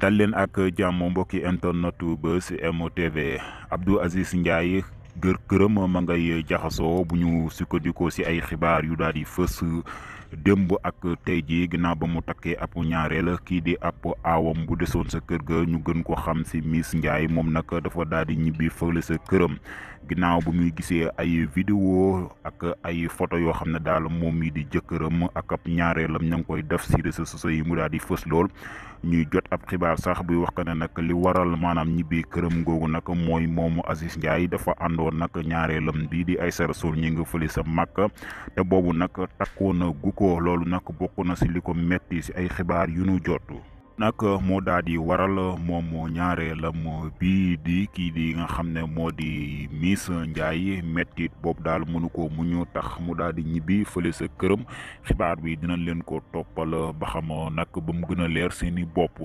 dal leen ak jàmm mbokki internetu Buzz M TV Abdou Aziz Ndiaye gër këram ma ngay jaxasoo bu ñu sukkandikoo ci ay xibaar yu daal di fës démb ak tey jii ginnaaw ba mu takkee ab ñaareel kii di ab aawam bu desoon sa kër ga ñu gën ko xam ci Miss Ndiaye moom nag dafa daal di ñibbi fële sa këram. ginnaaw bi muy gisee ay vidéo ak ay photo yoo xam ne daal moom mii di jëkkëram ak ab ñaareelam ña ngi koy def si réseaux sociaux yi mu daal di fës lool ñuy jot ab xibaar sax buy wax ko ne nag li waral maanaam ñibbi këram googu nag mooy moomu Aziz Ndiaye dafa àndoon nag ñaareelam bi di Aïssata Tall ñu nga fële sa màkk te boobu nag takkoon na gu ko loolu nag bokk na si li ko metti si ay xibaar yu nu jot. nag moo daal di waral moom ñaareelam bii di kii di nga xam ne moo di Miss Ndiaye mettit boobu daal mënu ko muñu tax mu daal di ñibbi fële sa këram xibaar bi dinañ leen ko toppal ba xam nag ba mu gën a leer seeni bopp